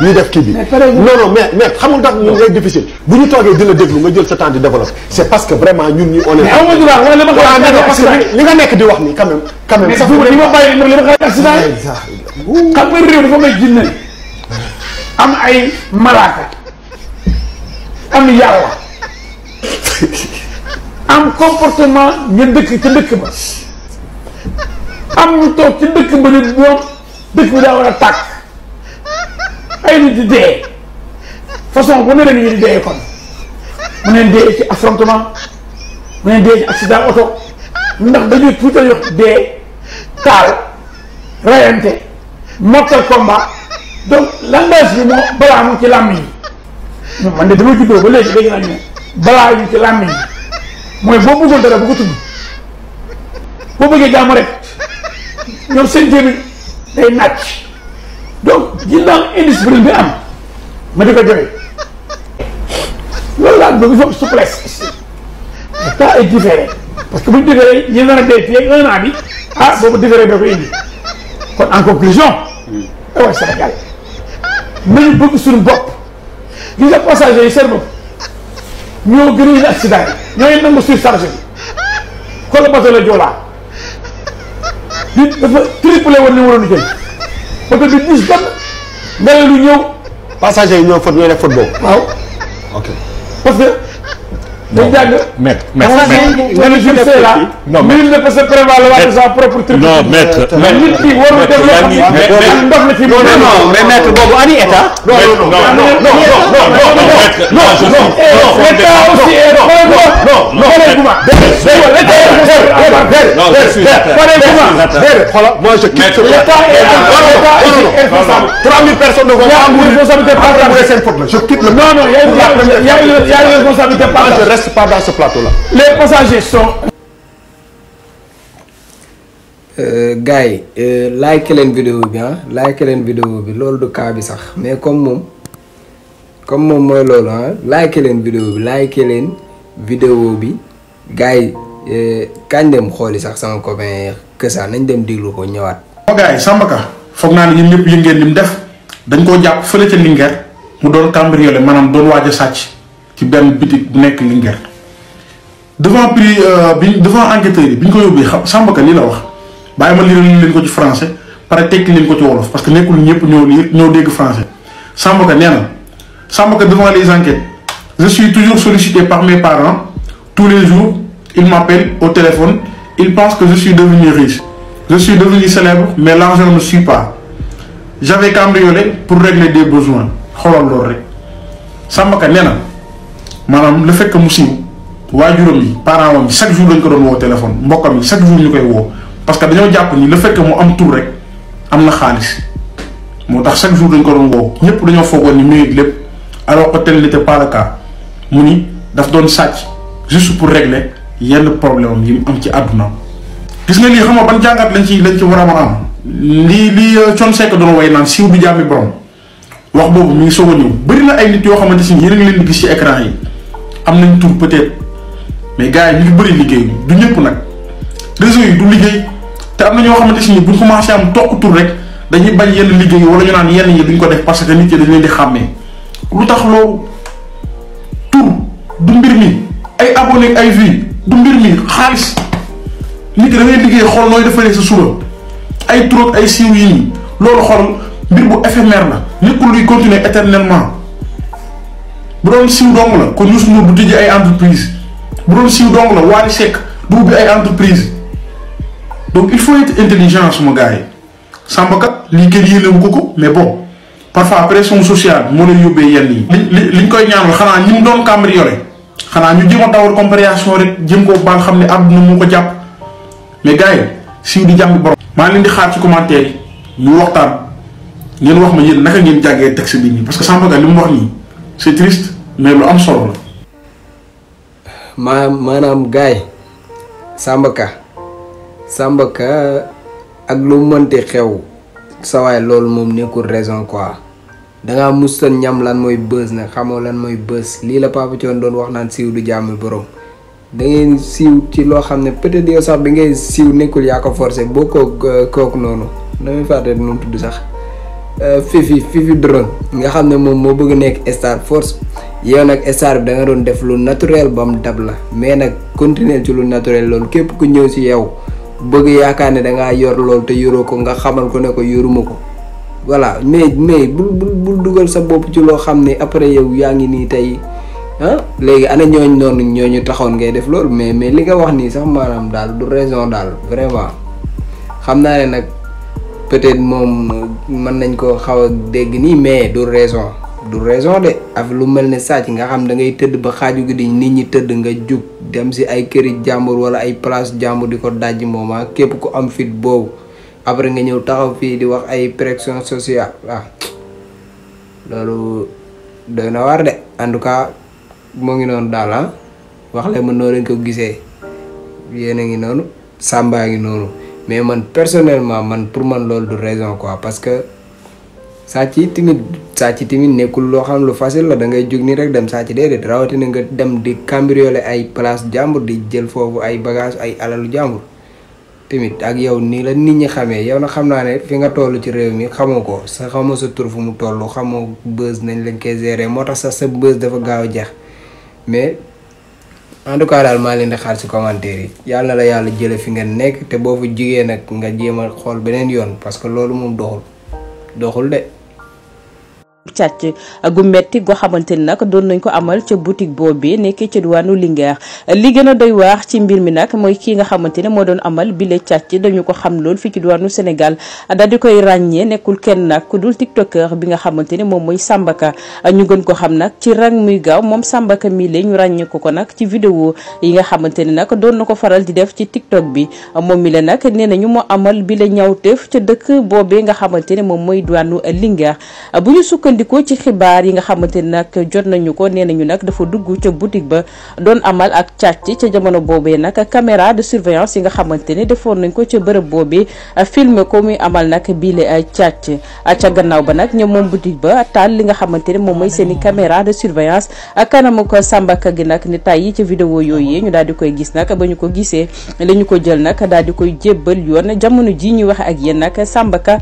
ñuy def kii bi non non mais mais xamul tax ñun lay difficile bu ñu toogee di la déglu nga jël sa temps di développer c'est parce que vraiment ñun ñu on est parce que li nga nekk di wax ni quand même quand même sax li ma bàyyi li ma xaar accident xam nga réew dafa may jinne am ay malaaka am yàlla am comportement ñu dëkk ci dëkk ba am ñu toog ci dëkk ba ni ñoom dëkk bi daa war a tàkk ay nit di dee façon bu ne la nit di dee kon mu neen dee ci affrontement mu neen dee ci accident oto ndax dañuy tuutal dee taal rayante mortal combat donc langage bi moo balaa mu ci làmmiñ yi ñoom man de dama juddoo ba léegi dégg boo dara bu ko tudd boo bëggee jàmm rek ñoom seen jéem day donc gis naa indiscipline bi am ma di ko joxe loolu laa bëgg il faut souplesse temps est différé parce que bu ñu différé ñu a dee fii ak un an bi ah boobu différé da ko indi kon en conclusion. Eh aywa Sénégal nañu bëgg suñu bopp gis nga passagers yi seen bopp ñoo gën a yéene accident yi ñooy nangu surcharge bi kon la bateau la Joola bi dafa triplé ni mu waroon oto bi bus dem mel lu ñëw. passager yi ñoo fa ñooy def football. waaw ok parce que. dañ jàng maître non nul ne peut se prévaloir de sa propre tribu. non maître nit ki warul def loo xam ndox la ci. non non mais maître boobu ani état. non non non non non non non non non Voilà, moi je quitte non, 3000 personnes ne non non il y a une responsabilité partagée je reste pas dans ce plateau là les passagers sont euh, Guy, euh, like les vidéo bien likez like vidéo bi ah. du mais comme moi comme moi likez ah. like vidéo like vidéo bi Eh, kañ dem xooli sax sama copain Kësa nañ dem déglu ko ñëwaat. waaw gars yi Samba Ka foog naa ne ñun ñëpp yëg ngeen li mu def dañ koo jàpp fële ca Linguère mu doon cambriolé maanaam doon waaj a sàcc ci benn bitik bu nekk Linguère devant prix euh, bi devant enquêteurs yi bi ñu ko yóbbee xam Samba Ka lii la wax bàyyi ma liiral leen ko ci français pare tekki leen ko ci wolof parce que nekkul ñëpp ñoo ñoo dégg français Samba Ka nee na Samba Ka devant les enquêtes je suis toujours sollicité par mes parents les jours. Il m'appelle au téléphone. Il pense que je suis devenu riche. Je suis devenu célèbre, mais l'argent ne suit pas. J'avais cambriolé pour régler des besoins. xoolal loolu rek Sambaka nee le fait que Moussi, siiw waajuram parents chaque jour lañ me au au téléphone mbokkam chaque jour nous koy parce que dañoo jàpp ni le fait que mu am tout, rek am na xaalis chaque jour nous, ko doon woo ñëpp dañoo foogoon ni me lépp alors que tel n'était pas le cas Muni, ni daf doon juste pour régler yenn problème yi am ci aduna gis nga li xama ban jangat lañ ci lañ ci wara mëna am li li cion euh, sek do way nan siw du jami borom wax bobu mi ngi sogo ñew bari na ay nit yo xamanteni yeen ngi leen di gis ci écran yi am nañ tour peut-être mais gaay ñu bari liggéey du ñepp nak réseau yi du liggéey té am na ño xamanteni buñ commencé am tok tour rek dañuy bañ yenn liggéey wala ñu naan yenn yi duñ ko def parce que nit yi dañ leen di xamé lutax lo tour du mbir mi ay abonné ay vues du mbir mi xaalis nit ki da ngay liggéey xool nooy defaree sa suba ay trop ay siiw yi nii loolu xool mbir bu éphémère la nekkul luy continuer éternellement bu doon siiw dong la kon Youssou Ndour du tijji ay entreprise bu doon siiw dong la Wally Seck du ubbi ay entreprise donc il faut être intelligent suma gars yi Samba kat lii kenn yéenewu ko ko mais bon parfois pression sociale moo lay yóbbee yenn yi. li li liñ koy ñaanal xanaa ñi mu doon cambriolé xanaa ñu jéem a dawal compréhension rek jëm ko baal xam ne àdduna mu ko jàpp mais gars yi siiw di jàmbi borom. maa leen di xaar ci commentaire yi ñu waxtaan ngeen wax ma yéen naka ngeen jàggee texte bi nii parce que Samba Ka li mu wax nii c'est triste mais lu am solo la. maa maanaam gars yi Sambaka Ka ak lu mënti xew sa sawaay loolu moom nekkul raison quoi. danga mus mustan ñam lan mooy bës nag xamoo lan mooy bës lii la Papa Thione doon wax naan siiw du jàmm borom da ngay siiw ci loo xam ne peut-être yow sax bi ngay siiw nekkul yaa ko forcé boo euh, kook kooku noonu damay fàtte nu mu tudd sax euh, fifi fifi drone nga xam ne moom moo bëgg nekk star force yow nag star bi da nga doon def lu naturel ba mu dab la mais nag continuer ci lu naturel loolu képp ku ñëw si yow bëgg yaakaar ne dangaa yor loolu te yoroo ko nga xamal ko ne ko yoruma ko voilà mais mais bul bul bul dugal sa bopp ci loo xam ne après yow yaa ngi nii tey ah léegi ana ñooñ noonu ñooñu taxoon ngay def loolu mais mais li nga wax nii sax maanaam daal du raison daal vraiment xam naa ne nag peut-être moom mën nañ ko xaw a dégg nii mais du raison du raison de ak lu mel ne sàcc nga xam da ngay tëdd ba xaaju gi di nit ñi tëdd nga jug dem si ay këri jàmbur wala ay place jàmbur di ko dajj mooma ah, képp ku am fit boobu après nga ñëw taxaw fi di wax ay pression sociale ah lolu doy na war de en anu tout cas mo ngi non dal ha wax le mo noo ko gisé yene ngi nonu samba ngi nonu mais man personnellement man pour man lolu du raison quoi parce que sa ci timit ci timit nekul lo xam kan lu facile la da ngay jog ni rek dem nga dem di cambrioler ay place jambour di jël fofu ay bagage ay alalu jambour tamit ak yow nii la nit ñi xamee yow na xam naa ne fi nga toll ci réew mi xamoo ko sa xamoo sa tur fu mu toll xamoo bës nañ lañ koy gérer moo tax sax sa bës dafa gaaw a jeex mais en tout cas daal maa leen di xaar si commentaire yi yàlla la yàlla jële fi nga nekk te boo fa jugee nag nga jéem a xool beneen yoon parce que loolu moom doxul doxul de. càcc gu metti goo xamante ni nag doon nañ ko amal ca boutique boobee nekk ca diwaanu Linguère li gën a doy waax ci mbir mi nag mooy kii nga xamante ne moo doon amal bile càcc dañu ko xam lool fii ci diwaanu Sénégal daal koy ràññee nekkul kenn nag ku dul tiktoker bi nga xamante ne moom mooy Sambaka ñu gën ko xam nag ci rang muy moom Sambaka mii la ñu ko nag ci vidéo yi nga xamante ne nag doon na ko faral di def ci tiktok bi moom mi nag nee nañu moo amal bile ñawteef ca dëkk boobee nga xamante ne moom mooy diwaanu Linguère bu ñu sukkandiku sukkandiku ci xibaar yi nga xamante ni nag jot nañu ko nee nañu nag dafa dugg ca boutique ba doon amal ak càcc ca jamono boobee nag caméra de surveillance yi nga xamante ni defoon nañ ko ca bërëb boobee filmer ko muy amal nag biile euh, càcc ca gannaaw ba nag ñoom moom boutique ba taal li nga xamante ne moom mooy seen i de surveillance ak kanamu ko sàmbaka gi nag ni tay yi ca vidéo yooyu ñu daal di koy gis nag ba ñu ko gisee la ko jël nag daal di koy jébbal yoon jamono ji ñuy wax ak yéen nag sàmbaka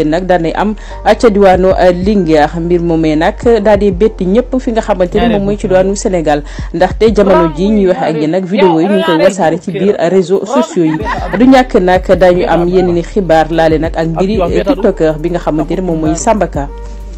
xamante ni nag daan nay am ca diwaanu euh, Linguère mbir may nag daal di bétti ñëpp fi nga xamante ni moom mooy ci diwaanu Sénégal ndaxte jamono ji ñuy waxe ak yéen nag vidéo yi ñu koy wasaare ci biir réseaux sociaux yi du ñàkk nag dañu am yenn ni xibaar laale nag ak mbiri tiktokeur bi nga xamante ni moom mooy Samba Ka